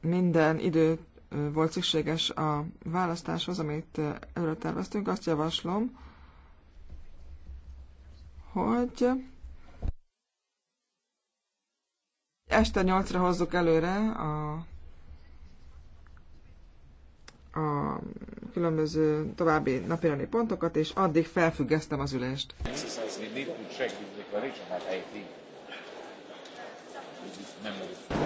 minden idő volt szükséges a választáshoz, amit előre terveztünk, azt javaslom, hogy este nyolcra hozzuk előre a, a különböző további napirani pontokat, és addig felfüggesztem az ülést nem úgy.